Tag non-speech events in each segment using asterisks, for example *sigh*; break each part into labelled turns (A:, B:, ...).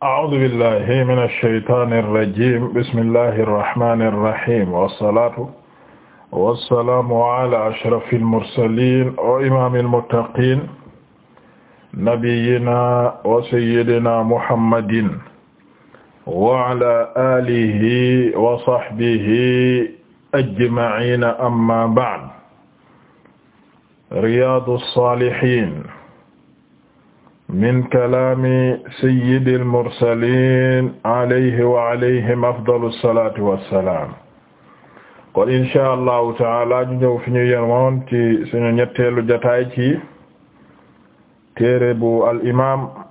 A: a'uuzu billahi mina shaytaani rajiim bismillahi rahmaani rahiim wasalaatu wasalaamu ala ashrafil mursaliin wa imaamil muttaqiin nabiyyinaa wa sayyidinaa muhammadin wa ala aalihi wa sahbihi ajma'iin amma ba'd riyaadu saalihiin min kalaami sayyidil mursaliin alayhi wa alayhim afdalu salaatu wa salaam. kon incha allahu taala ñu ñëw fi ñu yemoon ci suñu ñetteelu jotaay ci téere bu al imaam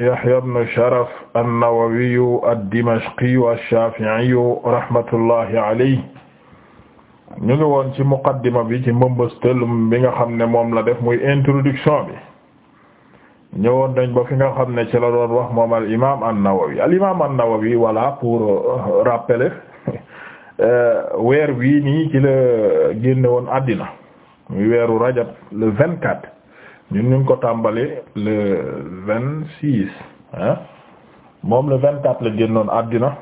A: Yahya ibn Sharaf an-Nawawiyu ad-Dimashqiyu ash-Shaafi'iyu rahmatullahi alayhi. ñu ngi woon ci muqaddima bi ci mbëmbëstalum bi nga xam ne moom la def muy introduction bi. ñëwoon dañ ba fi nga xam ne ci la doon wax moom al imaam an-Nawawi al imaam an-Nawawi voilà pour euh, rappeler *laughs* euh, weer wii nii ci la génne woon àddina muy weeru rajab le vingt quatre ñu ngi ko tàmbali le vingt six ah moom le vingt quatre la génnoon àddina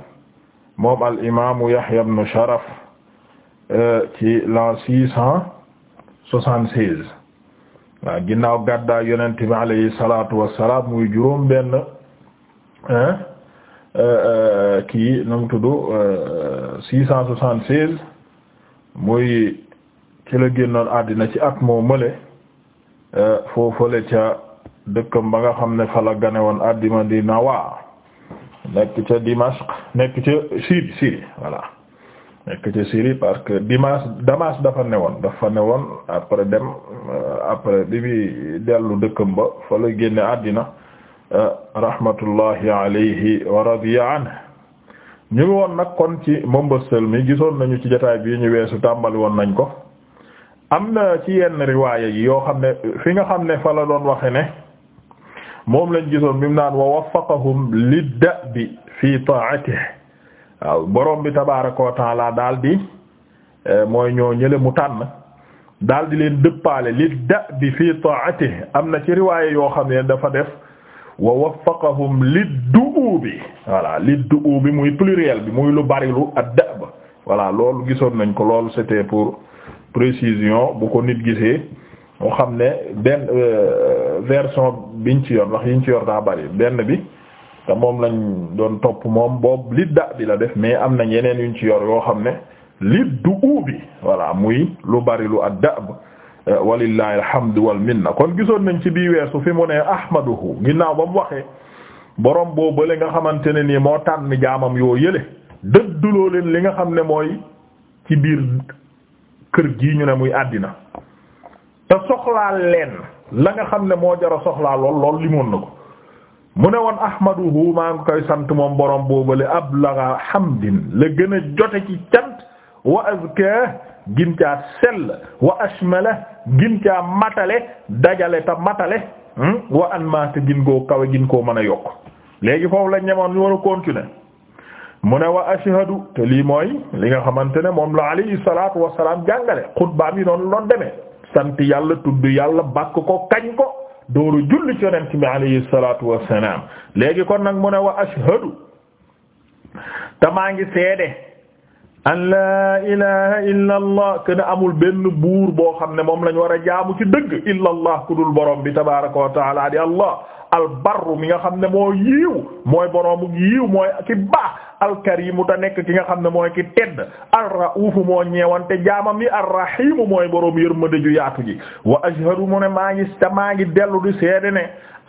A: moom al imaamu Yahya ibn Sharaf euh, ci l'an six cent waa ginnaaw gàddaa yonent bi alayhi salaatu wassalaam muy juróom benn kii nu mu tudd six cent soixante seize muy ci la génnoon àddina ci at moo mële foofale ca dëkkam ba nga xam ne fa gane woon àddina di Nawa nekk ca Dimashq nekk ca Syrie Syrie voilà nekk ci Syrie parce que Dimas Damas dafa ne woon newoon après dem euh, après bi bi dellu dëkkam ba fa la génne àddina euh, rahmatullahi alayhi wa radiya anhu ñu woon nag kon ci Mombastel mi gisoon nañu ci jotaay bii ñu weesu tàmbali woon nañ ko am na ci yenn riwaaya yi yoo xam ne fi nga xam ne fa la doon waxe ne moom lañ gisoon bi mu naan wa waffaqahum lidda bi fi ta'atihi waaw borom bi tabaaraka wa taala daal di eh, mooy ñoo ñële mu tànn daal di leen dëppaale li da bi fii taati am na ci riwaaye yoo xam ne dafa def wa waffaqahum li du'ubi voilà li du'ubi muy pluriel bi muy lu bari lu ad ba voilà loolu gisoon nañ ko loolu c'était pour précision bu ko nit gisee moo xam ne benn euh, version biñ ci yor yi ñu ci yor daa bari benn bi. te moom lañ doon topp moom boobu li da bi la def mais am nañ yeneen yuñ ci yor yoo xam ne li du uubi voilà muy lu bari lu addab eh, walillahi alhamdu wal minna kon gisoon nañ ci bii weesu fi mu ne ahmaduhu ginnaaw ba mu waxee boroom boo bële nga xamante ne nii moo tànn jaamam yoo yële dëdduloo leen li nga xam ne mooy ci biir kër gii ñu ne muy àddina te soxlaal leen la nga xam ne moo jara soxlaa lool lool limoon na ko mu ne woon ahmaduhu maa ngi koy sant moom borom laga ablagha hamdin la gën a jote ci cant wa azka gincaa sell wa ashmala gincaa matale dajale ta matale hmm? wa anma te gin koo kawe gin koo mën a yokk léegi foofu la ñemoon li war a continuer mu ne wa ashhadu te lii mooy li nga xamante ne moom la alayhi salatu wasalaam jàngale xutbaam yi noonu loon demee sant yàlla tudd yàlla bàkk ko kañ ko dooru julli ci yonent bi alayhi salaatu wassalaam léegi kon nag mu ne wa ashhadu te maa ngi seede an laa ilaha illa allah ken amul benn buur boo xam ne moom lañu war a jaamu ci dëgg illa allah ku dul borom bi tabaaraka wa taala di allah albarru mi nga xam ne moo yiiw mooy boroomu yiiw mooy ki baax alkarimu ta nekk ki nga xam ne mooy ki tedd alraufu moo ñeewante jaamam yi alrahimu mooy boroom yërmande ju yaatu ji wa ashhadu ne maa ngi te maa ngi dellu di seede ne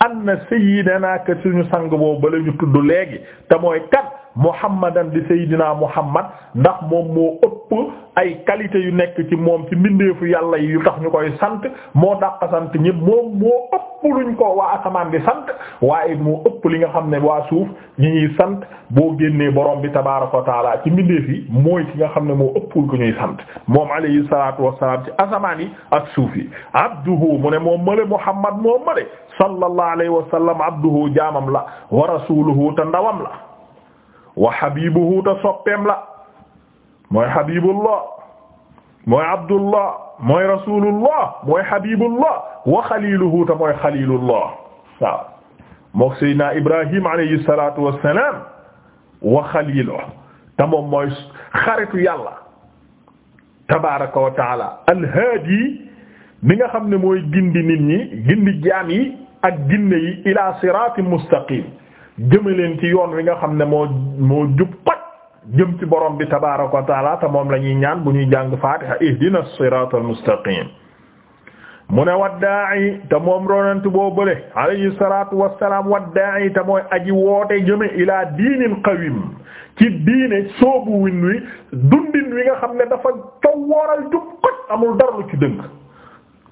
A: anna sayyidana ka suñu sang boobu bala ñu tudd léegi te mooy kat muhammadan di saydina muhammad ndax moom moo ëpp ay qualité yu nekk ci moom ci mbindeefu yàlla yi yu tax ñu koy sant moo dàq sant ñëpp moom moo ëpp luñ ko waa asamaan di sant waaye moo ëpp li nga xam ne waa suuf ñi ñuy sant boo génnee borom bi tabaaraka wa taala ci mbindeef yi mooy ki nga xam ne moo ëpp ku ñuy sant moom alayhi salaatu wassalaam ci asamaan yi ak suuf yi abduhu mu ne moom male muhammad moom male sallallahu alayhi wa sallam abduhu jaamam la wa rasuluhu ndawam la wa habibuhu ta soppeem la mooy habibullah mooy abdullah mooy rasulullah mooy habibullah wa xaliluhu ta mooy xalilullah waaw mook seydina ibrahim alayhi salatu wassalam wa xaliluhu ta moom mooy xaritu yàlla tabaraka wa taala alhaadi bi nga xam ne mooy gindi nit ñi gindi jaam yi ak ginne yi ila siratin mustaqim jëme leen ci yoon wi nga xam ne moo moo jub pat jëm ci borom bi tabaaraka wa te moom lañuy ñaan bu ñuy jàng faatiha ihdina siraatal mustaqim mu ne waddaa'i te moom ronantu boo bële alayhi salaatu wassalaam waddaa'i te mooy aji woote jëme ilaa diinin qawim ci diine soobu win wi dundin wi nga xam ne dafa taw jub koj amul dara lu ci dëng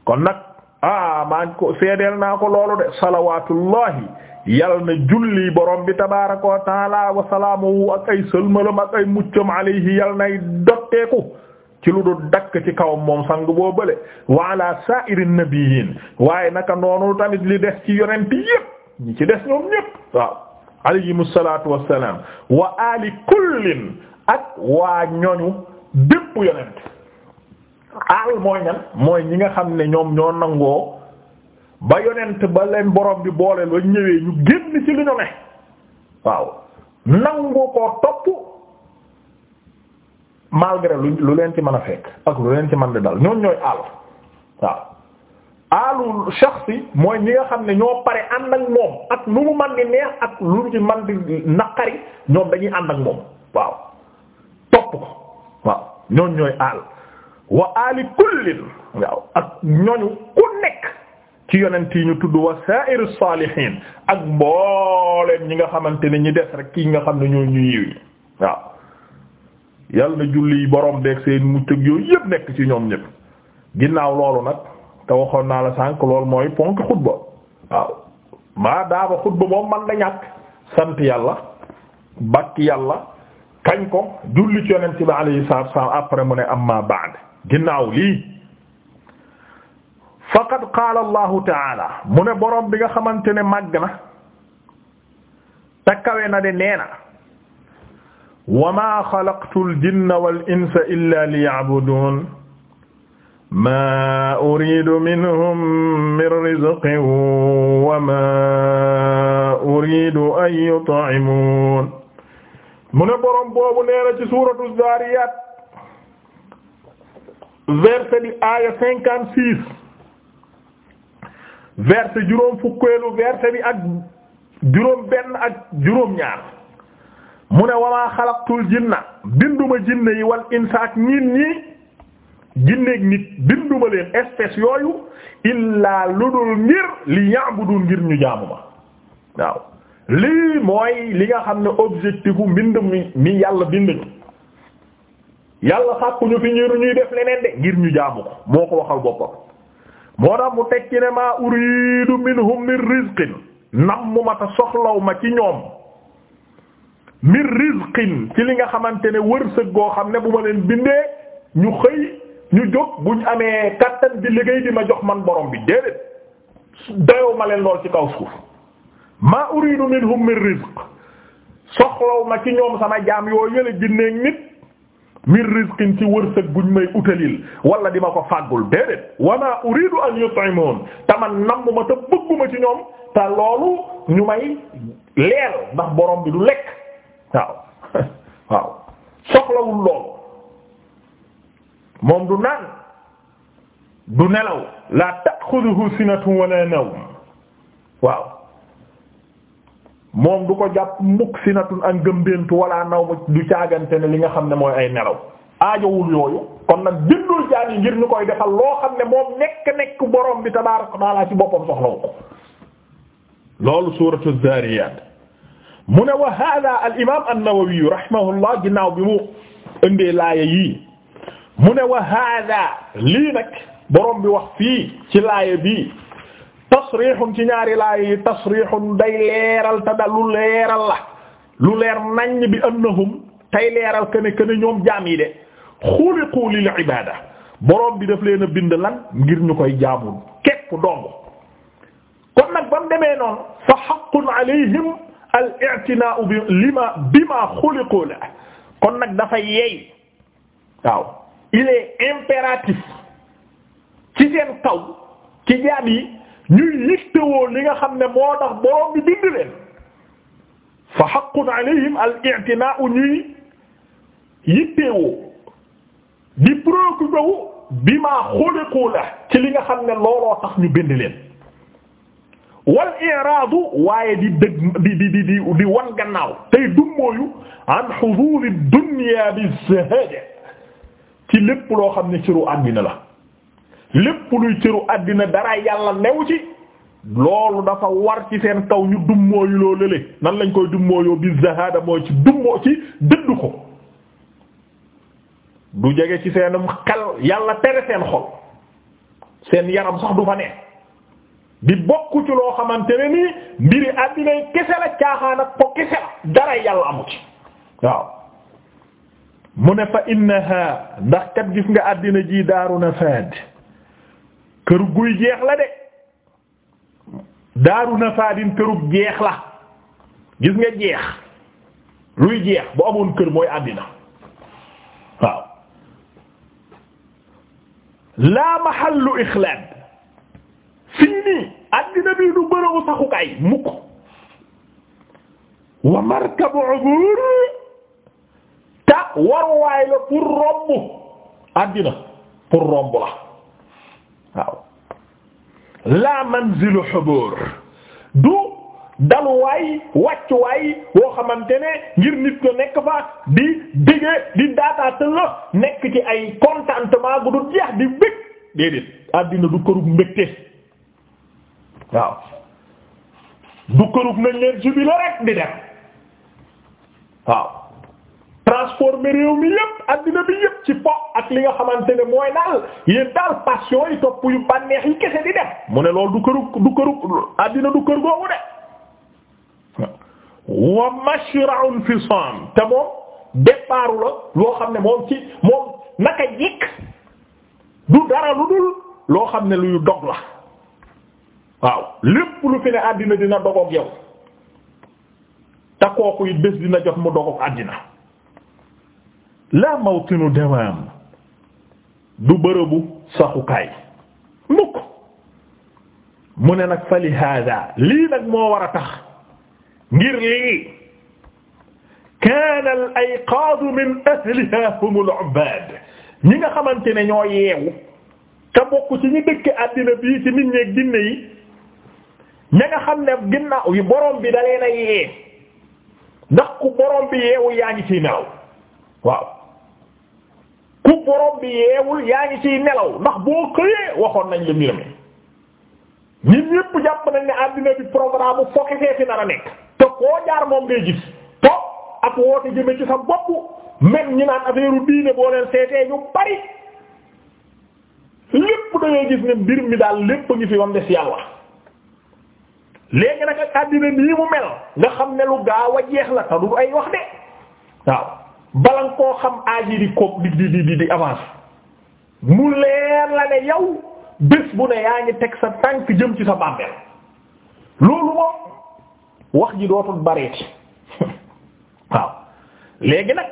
A: kon nag ah maa ko seedeel naa ko loolu de salawaatullahi yal na julli borom bi tabaaraka wa taala wa salaamu ak ay sëlmalam ak ay muccam alayhi yal nay dotteeku ci lu dul dakk ci kaw moom sang boo bële wa ala saa'iri nabiyyiin waaye naka noonu tamit li des ci yonent yépp ñi ci des ñoom ñépp waaw alayhimu salaatu wa salaam wa ali ak waa ñoñu bépp yonent al mooy ñan mooy ñi nga xam ne ñoom ñoo nangoo ba yonent ba leen boroom bi booleel ba ñëwee ñu génn ci li ñu ne waaw nangu ko topp malgré lu leen ci mën a fekk ak lu leen ci mën di dal ñoom ñooy àll waaw aalu shaxsi mooy ñi nga xam ne ñoo pare ànd ak moom ak lu mu man di neex ak lu mu ci man naqari ñoom dañuy ànd ak moom waaw topp ko waaw ñooñ ñooy aal wa aali kullin waaw ak ñooñu ku nekk ci yonent yi ñu tudd wa sa'iru saalihiin ak mbooleem ñi nga xamante ni ñi des rek ki nga xam ne ñoo ñu yiw yi waaw yal na julli borom beeg seen mu ak yooyu yëpp nekk ci ñoom ñëpp ginnaaw loolu nag te waxoon naa la sànq loolu mooy ponk xutba waaw maa daaba xutba moom man la ñàkk sant yàlla bakk yàlla kañ ko julli ci yonent bi alayhi salaatu wa salaam après mu ne amma ba'd ginnaaw lii. faqad qaala allahu taala mu ne boroom bi nga xamante ne màgg na takkawe na de nee na wa maa xalaqtul jinna wal insa illa liya'budun ma uridu minhum min rizqin wa ma uridu an yut'imun mu ne boroom boobu nee na ci suuratu Zaariyaat verset di aaya cinquante-six verset juróom fukkeelu verset bi ak juróom benn ak juróom ñaar mu ne wamaa xalaqtul jinna binduma jinne yi wal insa ak ñiin ñii jinneeg nit binduma leen espèce yooyu illaa lu dul ngir li ya'budun ngir ñu jaamu ma waaw lii mooy li nga xam ne objectifu mbind mi mi yàlla bind ñu yàlla sàkkuñu fi ñu ñuy def leneen de ngir ñu jaamu ko moo ko waxal boppam moo tax mu tekki ne maa uridu minhum min rizqin nam mu ma ta soxlaw ma ci ñoom min rizqin ci li nga xamante ne wërsëg goo xam ne bu ma leen bindee ñu xëy ñu jóg buñ amee kattan di liggéey di ma jox man borom bi déedéet dayoo ma leen lool ci kaw suuf maa uridu minhum min rizq soxlaw ma ci ñoom sama jaam yoo yële jinneeg nit min rizqin ci wërsëg buñ may utalil wala di ma ko fàggul déedéet wa ma uridu an yut'imun taman nammuma te bëgguma ci ñoom te loolu ñu may leel ndax borom bi du lekk waaw *laughs* waaw soxlawul loolu moom du naan du nelaw la ta'khudhuhu sinatun wala nawm waaw moom du ko jàpp mukk si natun ak ngëmbeentu wala naw ma du caagante ne li nga xam ne mooy ay nelaw aajowul yooyu kon nag bindul jaan yi ngir ñu koy defal loo xam ne moom nekk-nekk borom bi tabaaraka taala ci boppam soxlawu ko loolu suuratu zaariyaat mu ne wa haadaa al imaam an-Nawawi rahimahullah ginnaaw bi mu indee laaya yii mu ne wa haadaa lii nag borom bi wax fii ci laaya bii tasrihun ci ñaari laay yi tasrihun day leeral te da lu leeral la lu leer naññ bi annahum tey leeral que ne ñoom jaam yi de xuliqu lil ibada borom bi daf leen bind lan ngir ñu koy jaamul képp dong kon nag ba demee noonu fa haqqun alayhim al i'tina'u bi kon nag dafa yey waaw ci seen kaw ci jaam yi ñuy yittewoo li nga xam ne moo tax borom bi bind leen fa haqqun alayhim al-i'tina'u ñuy yittewoo di préoccupé wu bima xuliqu la ci li nga xam ne looloo tax ñu bind leen wal i'radu waaye di dëgg di di di di wan gannaaw tey dummóoyu an huduri dunya bi lépp loo xam ne ciru àddina la lépp luy cëru àddina dara yàlla newu ci loolu dafa war ci seen kaw ñu dummóoyu loo lële nan lañ koy dummóoyoo bi zahada mooy ci dummoo ci dëdd ko du jege ci seenum xel yàlla tere seen xol seen yaram sax du fa ne di bokk ci loo xamante ne nii mbiri àddinay kese la caaxaan ko kese la dara yàlla amu ci waaw mu ne fa innaha ndax kat gis nga àddina ji daaru na faad kër guy jeex la de daaru nafaadin kërug jeex la gis nga jeex luy jeex bu amoon kër mooy àddina waaw laa mahallu ixlaad fi nii àddina bi du bërëbu saxukaay mukk wa markabu ubur ta war waay la pour romb àddina pour romb la waaw la manzilu hubur du daluwaay wàccuwaay woo xamante ne ngir nit ko nekk fa di dégge di daataata nekk ci ay contentement gu du jeex di bég déedéet àddina du kërug mbégte waaw du kërug nañ leen jubile rek di dem waaw transformer réew mi yépp addina bi yépp ci po ak li nga xamante ne mooy daal yéen daal passion yi topp yu bànneex yi kese di def mu ne loolu du këru du këru addina du kër googu de wa mashra'un fi sam te moom départ la loo xam ne moom ci moom naka jikk du dara lu dul loo xam ne luy dog la waaw lépp lu fi ne addina dina dogoog yow te kooku it bés dina jox mu dogoog addina la mawtinu dawam du bërëbu saxukaay mukk mu ne nag fa li hada lii nag moo war a tax ngir lii kaana al ayqaadu min ahliha hum al ubaad ñi nga xamante ne ñoo yeewu te bokk ci ñi dëkk àddina bii ci nit ñeek ginne yi ña nga xam ne ginnaaw yi borom bi da leen a yee ndax ku borom bi yeewu yaa ngi ciy nelaw waaw ku borom bi yeewul yaa ngi ciy nelaw ndax boo xëyee waxoon nañ la mbir mi ñun ñépp jàpp nañ ne àddina bi programme bu fokkitee fi nar a nekk te koo jaar moom ngay gis to ak woote jëme ci sa bopp même ñi naan affaire diine boo leen seetee ñu bari lépp da gis ne mbir mi daal lépp ngi fi wam des yàlla léegi nag ak àddina nii mu mel nga xam ne lu gaaw a jeex la te du ay wax de waaw bala nga koo xam aaji di di di di di avance mu leer la ne yow bés bu ne yaa ngi teg sa tànk jëm ci sa bàmbeel loolu moom wax ji dootul bareeti *laughs* waaw léegi nag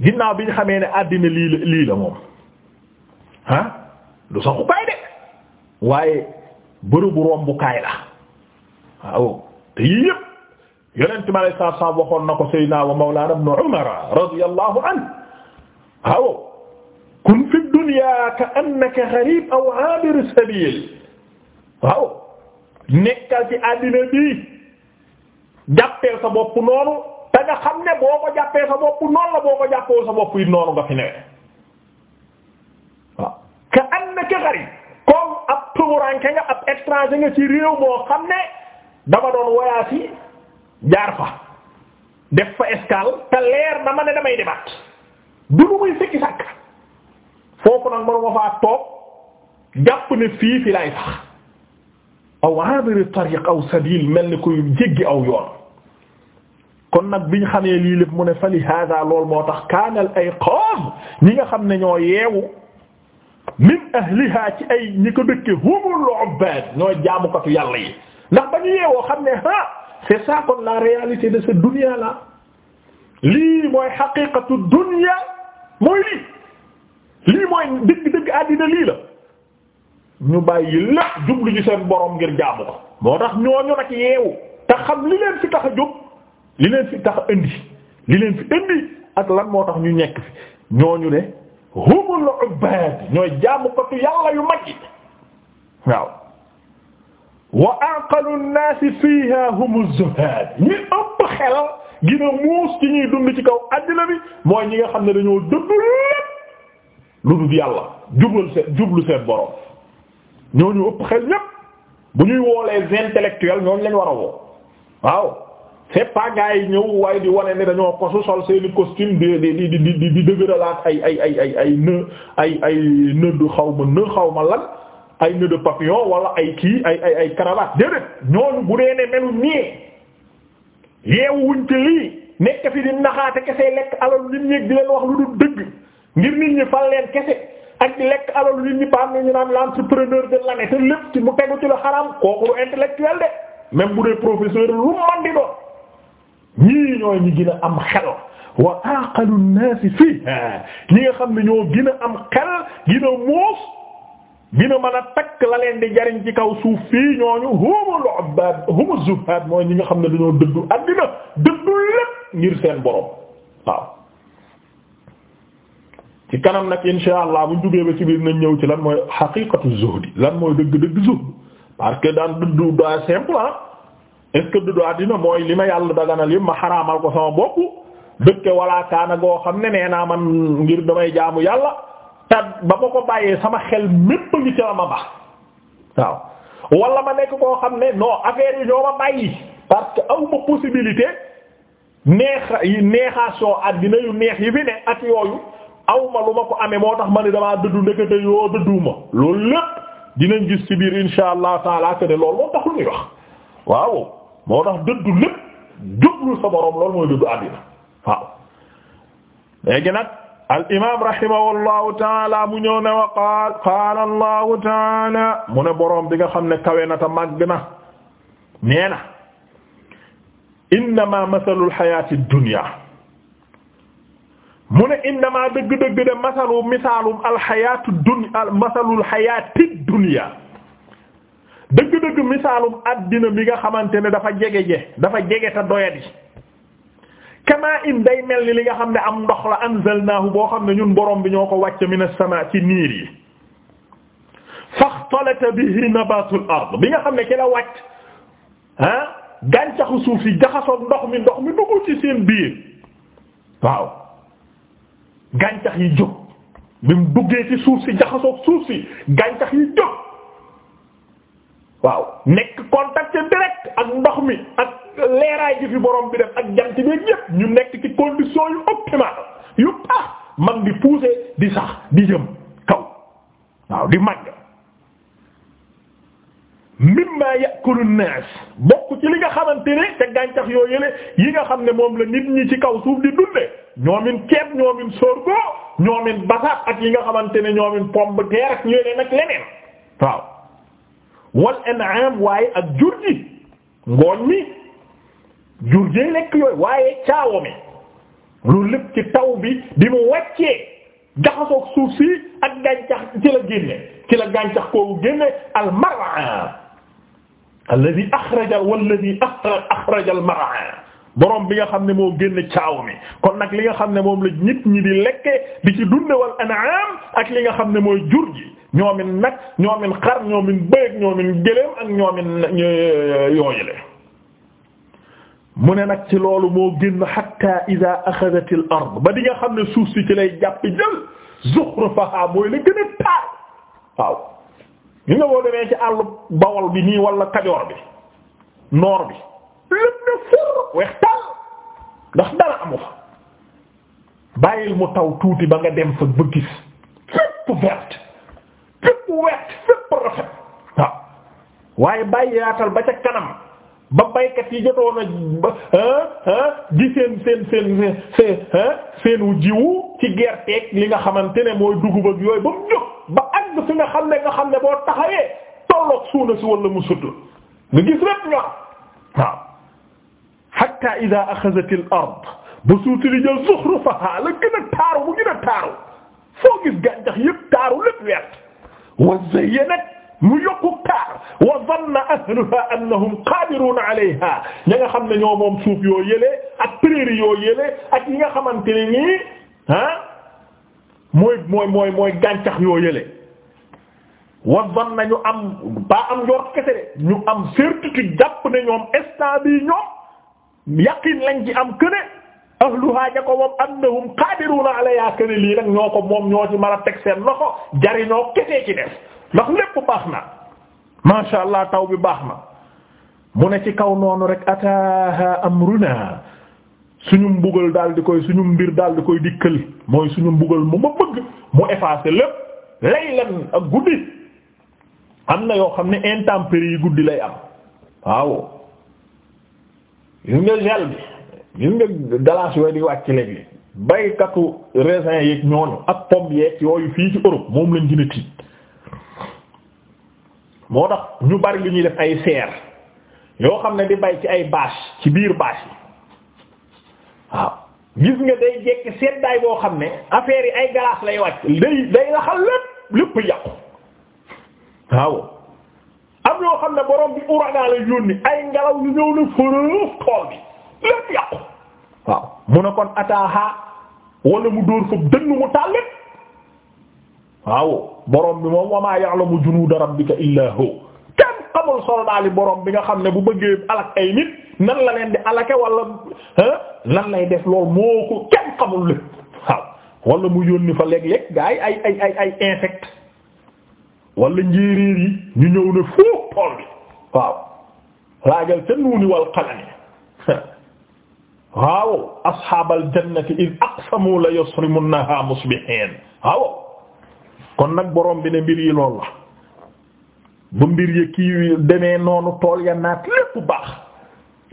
A: ginnaaw bi ñu xamee ne àddina lii la lii la moom ah du saxu kaay de waaye bërëbu rombukaay la waaw te yii yonent mi alayhi salaatu salaam waxoon na ko Seydina wa Mawlaana ibn Umar radiyallahu anhu aw kun fi dunya ka annaka aw abir sabil waaw nekkal ci àddina bi jàppee sa bopp noonu te xam ne boo ko jàppee sa bopp noonu la boo ko jàppoo sa bopp it noonu ka ab tumuranke nga ab ci réew moo xam ne dama doon voyage jaar fa def fa escale te leer dama ne damay demaat du lu muy fekki sàkk foofu nag mënuma faa toog jàpp ne fii fi lay aw abiri tariq aw sabil mel ni kuy jéggi aw yoon kon nag biñ xamee lii mu ne fa li lool moo tax kaanal ay qaz ñi nga xam ne ñoo yeewu min ahliha ci ay ñi ko dëkke humul ubbad ñoo jaamukatu yàlla yi ndax ba ñu yeewoo xam ne ha c'est ça kon la réalité de ce dunia là lii mooy xaqiqatu dunia mooy lii lii mooy dëgg-dëgg àddina lii la ñu bàyyi lépp jublu ñu seen boroom ngir jaamu ko moo tax ñooñu nag yeewu te xam li leen fi tax a jóg li leen fi tax a indi li leen fi indi ak lan moo tax ñu nekk fi ñooñu ne humul ubbad ñooy jaamukatu yàlla yu mag yi waaw wa aqalu nnaasi fiiha humu zuhaad ñi ëpp xel gën muus ci ñuy dund ci kaw àddina bi mooy ñi nga xam ne dañoo dëddu lépp lu dul yàlla jublu seen jublu seen borom ñooñu ëpp xel ñépp bu ñuy woo les intellectuels ñooñu lañ war a woo waaw c'est pas yi ñëw waaye di wane ne dañoo kosu sol seeni costume di di di di di dëgëralaat ay ay ay ay ay ay ay ay nëdd në xaw ma lan. ay nœud de papillon wala ay kii ay ay ay cravate déedéet ñooñu bu dee ne melu nii yeewu wuñ ci lii nekk fi di naxaate kese lekk alal nit ñi di leen wax lu dul dëgg ngir nit ñi fal leen kese ak di lekk alal nit ñi baam ne ñu naan l'entrepreneur de l'année te lépp ci mu tegu ci la xaram kooku lu intellectuel de même bu dee professeur lu man di doon ñii ñooy ñi gën a am xel wa aqalu an-nas fiha ñi nga xam ne ñoo gën am xel gën a gina man a takk la leen di jariñ ci kaw suuf fii ñooñu humul ubbad humul zuhad mooy ñi xam ne dañoo dëddu àddina dëddu lépp ngir seen borom waaw ci kanam nag insha allah mu duggee ba ci biir nañ ñëw ci lan mooy xaqiqatu zuhdi lan mooy dëgg-dëgg zuhd parce que daan dëddu daa simple ah est-ce que dëddu àddina mooy li ma yàlla daganal yëpp ma xaraamal ko sama bopp dëkke walaakaana goo xam ne nee naa man ngir damay jaamu yàlla te ba ma ko bàyyee sama xel mépp ngi ci la ma baax waaw wala ma nekk koo xam ne noo affaire yi ñoo ma bàyyi parce que aw ma neex neexa neexation àddina yu neex yi fi ne ak yooyu aw ma lu ma ko amee moo tax ma ne damaa dëddu ndekete yoo dëdduma loolu lépp dinañ gis ci biir insha allah taala que ne loolu moo tax lu ñuy wax waaw moo tax dëddu lépp jublu sa borom loolu mooy dëddu àddina waaw léegi nag al imaam rahimahullahu taala mu ñëw ne wa qaal qaala allahu taala mu ne boroom bi nga xam ne kawe na ta màgg na nee na innama masalul xayaati dunya mu ne innama dëgg-dëgg de masalu misaalum alxayaatu dunya masalul xayaati dunya dëgg-dëgg misaalum addina bi nga xamante ne dafa jege je dafa jege ta doyadi kamaa in day mel ni li nga xam ne am ndox la anzalnaahu boo xam ne ñun borom bi ñoo ko wàcce min as-samaa ci niir yi bi bihi nabaatul ard bi nga xam ne ki la wàcc ah gàncaxu suuf si jaxasoog ndox mi ci seen biir waaw gàncax yi jóg bi mu duggee ci suuf si jaxasoog suuf si gàncax yi jóg waaw nekk contact direct ak ndox mi leeraay gi fi borom bi def ak jant bi ñépp ñu nekk ci condition yu optimale yu tax mag di pousser di sax di jëm kaw waaw di màgg ma ya'kulu an-nas bokk ci li nga xamante ne te gàncax yoo yële yi nga xam ne moom la nit ñi ci kaw suuf di dunde ñoomin ceeb ñoomin sorgho ñoomin basaab ak yi nga xamante ne ñoomin pomme de terre ak yeneen ak leneen waaw wal an'am waaye ak jur gi ngooñ mi jur jëy lekk yooyu waaye caawa mi loolu lépp ci taw bi bi mu wàccee jaxasoog suuf si ak gàncax ci la génne ci la gàncax koogu génne al mar'a alladhi akhraja walladhi akhraja al mar'a borom bi nga xam ne moo génn caaw mi kon nag li nga xam ne moom la nit ñi di lekke di ci dunde wal an'am ak li nga xam ne mooy jur gi ñoomin nag ñoomin xar ñoomin bëy ak ñoomin gëléem ak ñoomin yooyule mu ne nag ci loolu moo génn hatta ida axadat al ba dinga xam ne suuf si ci lay jàpp jël zuxrufaha mooy la gën a taar waaw ñu nga boo demee ci àll bawol bi nii wala kajoor bi noor bi lépp na fur weex taal ndax dara amu fa mu taw tuuti ba nga dem fa ba gis fépp verte fépp weex fépp rafet waaw waaye bàyyi yaatal ba ca kanam ba baykat yi jotoon a ba di seen seen seen seen seenu jiwu ci gerteeg li nga xamante ne mooy dugub ak yooyu ba mu jóg ba àgg fi nga xam ne nga xam ne boo taxawee tolloog suuna si wala mu sut nga gis lépp ñor waaw hatta idha akhadhat al-ard ba suuti li jël zukhrufaha la gën a taaru bu gën a taaru foo gis gàncax yépp taaru lépp wert wa zayyanat mu yokku kaar wa zanna ahluha annahum qadiruuna alayha ña nga xam ne ñoo moom suuf yoo yëlee ak prairie yoo yëlee ak yi nga xamante ne nii ah mooy mooy mooy mooy gàncax yoo yëlee wa zanna ñu am ba am njort kese ñu am certitude jàpp ne ñoom instant bii ñoom yaqin lañ ci am këne ahluha ja ko moom annahum qadiruuna alayha këne lii nag ñoo ko moom ñoo ci mën a teg seen loxo jariñoo kese ci def ndax lépp baax na masha allah taw bi baax na mu ne ci kaw noonu rek ataaha amruna suñu mbugal daal di koy suñu mbir daal di koy dikkal mooy suñu mbugal mu ma bëgg mu effacer lépp laylan ak guddi am na yoo xam ne intempéries yi guddi lay am waaw gis nga gel bi gis nga glace yooyu di wàcc léegi baykatu raisin yeeg ñooñu ak pomme yeeg yooyu fii ci Europe moom lañ gën a tiit moo tax ñu bari lu ñuy def ay seer yoo xam ne di bay ci ay baas ci biir bâche yi waaw gis nga day jekki seddaay boo xam ne affaire yi ay glace lay wàcc day day laxal lépp lépp yàqu waaw am yoo xam ne boroom bi ouragan la yónni ay ngelaw yu ñëw na fërëf tool bi lépp yàqu waaw mu ne kon ataaha wala mu dóor foofu dënn mu taal lépp waaw borom bi moom wa maa ya'lamu junuuda rabbika illaa hu kenn xamul soldat li borom bi nga xam ne bu bëggee alak ay nit nan la leen di alake wala lan lay def lool moo ko kenn xamul lépp waaw wala mu yónni fa léeg-léeg gaa yi ay ay ay ay insecte wala njéeréer yi ñu ñëw ne foofu tool bi waaw laajal ca nuuni wal qalami *laughs* waaw ashaabal jannati id aqsamu la yusrimunnaha musbihin waaw kon nag boroom bi ne mbir yi lool la ba mbir yi kii demee noonu tool ya naat lépp baax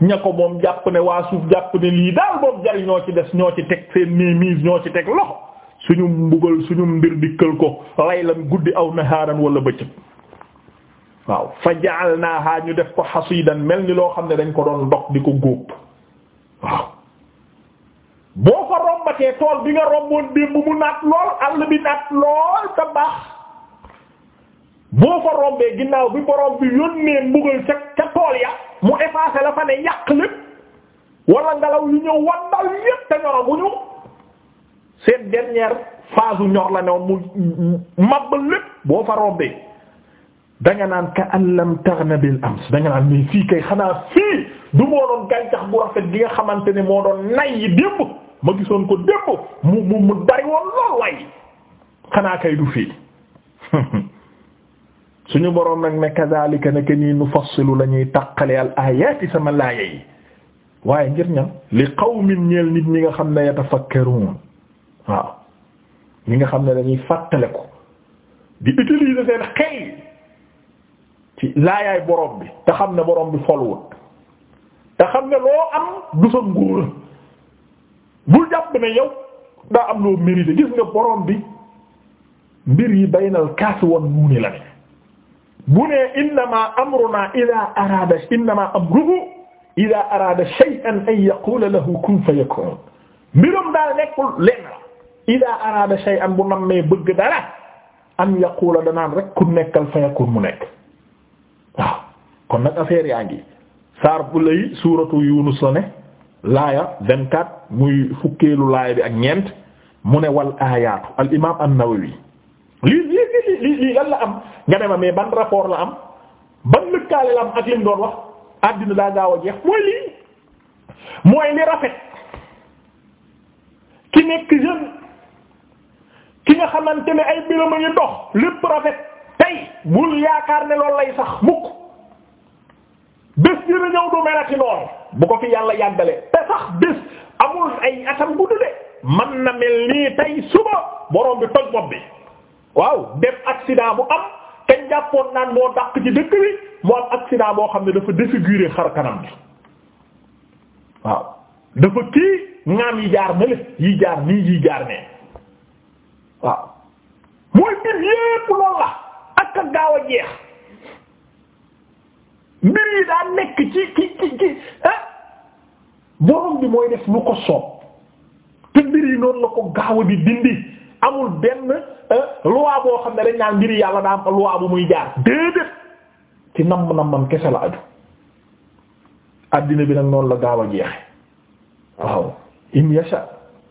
A: ña ko moom jàpp ne waa suuf jàpp ne lii daal moom jariñ ñoo ci des ñoo ci teg seen mise ñoo ci teg loxo suñu mbugal suñu mbir dikkal ko laylan guddi aw nahaaran wala bëccëg waaw fa ja'alnaaha ñu def ko hasiidan mel ni loo xam ne dañ ko doon dox di ko góob waaw boo fa rombatee tool bi nga romboon démb mu naat lool àll bi naat lool te baax boo fa rombee ginnaaw bi borom bi yónnee mbugal ca tool ya mu effacé la fa ne yàq lépp wala ngelaw yu ñëw wandal yépp te ñoraguñu seen dernière phase ñor la ne mu màbb lépp boo fa rombee danga naan ka allam taghna bil ams danga naan mais fii kay xanaa fii du moo doon gàncax bu rafet gi nga xamante ne moo doon nay yi démb ma gisoon ko démb mu mu mu dari woon lool way xanaa kay du fii *laughs* suñu boroom nag ne kazalika ne nii nu fassilu la ñuy taqale al sama laaya yi waaye ngir ñan li qawmin ñeel nit ñi nga xam ne yatafakkarun waaw ñi nga xam ne dañuy fàttale ko di utiliser seen xel ci laayaay borom bi te xam ne borom bi folwut te xam ne loo am du sa nguur bul jàpp ne yow daa am loo mérité gis nga borom bi mbir yi baynal kaas wan nuuni la ne bu nee innama amruna ida arada innama amruhu ida arada shay'an an yaqula lahu kun fayakun mbirum daal nekkul lenn la ida arada shay'an bu nammee bëgg dara an yaqula danaan rek ku mu nekk waaw kon nag affaire yaa ngi saar bu lay suuratu Yunus la laaya 24 muy fukkeelu laaya bi ak ñeent mu ne wal aayaatu al imaam an-Nawawi lii lii lii lan la am nga ne ma mais ban rapport la am ban lëkkaale la am ak li doon wax àddina daa gaaw a jeex mooy lii mooy li rafet ki nekk jeune ki nga xamante ne ay biram a ngi dox lépp rafet tey bul yaakaar ne loolu lay sax mukk bés dina ñëw du melati noonu bu ko fi yàlla yàggale te sax bés amul ay atam gudd de man na mel nii tey suba borom bi toj bopp bi waaw def accident bu am kañ jàppoon naan moo dàq ci dëkk bi moo am accident boo xam ne dafa défigurer xar kanam bi waaw dafa kii ngaam yi jaar na le yi jaar nii yi jaar ne waaw mooy biir yépp loolu la ak a gaaw a jeex mbir yi daa nekk ci ci ci ah borom bi mooy def lu ko soob te mbir yi la ko gaaw di dindi amul benn ah, loi xam ne dañ naan mbir yàlla daa am loi muy jaar déedéet ci namm nammam kese la aju addina bi nag noonu la gaaw a jeexe waaw in yasha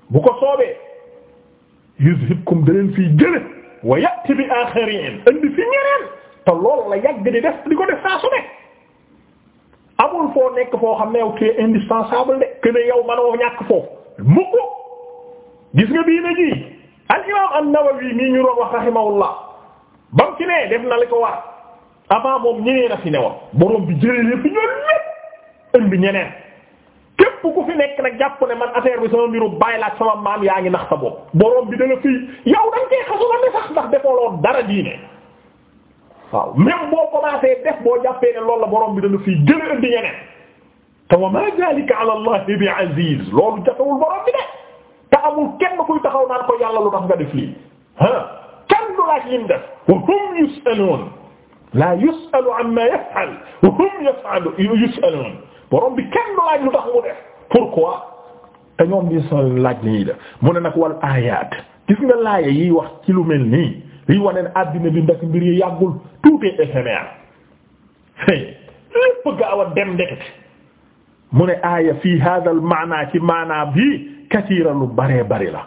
A: bu ko soobee yuzhibkum da leen fiy jële wa ya'ti bi akharin indi fi ñeneen te loolu la yàgg di def di ko def saa su amul foo nekk foo xam ne yow tu es indispensable de que ne yow manoo ñàkk foofu mu gis nga diine ji al imam an-Nawawi mii ñu doon wax rahimahullah bam ci ne def na li ko war avant moom ñeneen a fi ne woon borom bi jëlee lépp ñoom ñépp indi ñeneen képp ku fi nekk nag jàpp ne man affaire bi sama mbiru bàyyi la ak sama maam yaa ngi nax sa bopp borom bi da fii yow dañ koy xasu ne sax ndax defoo loon dara diine. waaw même boo commencé def boo jàppee ne loolu la borom bi dana fii gën a indi ñeneen te wa ma zalika ala allah bi aziz loolu jafewul borom bi de te amul kenn kuy taxaw naan ko yàlla lu tax nga def lii ah kenn du laaj lim def wa hum yusalun la yusalu amma yafal wa hum yafalu yusalun borom bi kenn du laaj lu tax mu def pourquoi te ñoom di sa laaj li ñuy def mu ne nag wal ayat gis nga laaya yi wax ci lu mel nii liy wane ne àddina bi ndax mbir yi yàggul tout est éphémère lépp gaaw a dem ndekete mu ne aaya fii hada al maana ci maana bi kasiira lu baree bari la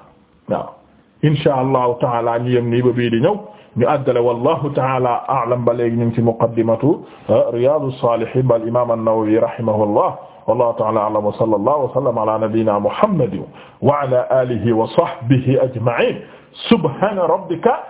A: waaw insha allahu taala ñu yem nii ba bii di ñëw ñu àggale wallahu taala a'lam ba léegi ñu ngi ci muqaddimatu uh, riyadus salihin bal imam an-nawawi rahimahullah wallahu taala a'lam wa sallallahu wa sallam ala nabiyyina muhammadin wa ala alihi wa sahbihi ajma'in subhana rabbika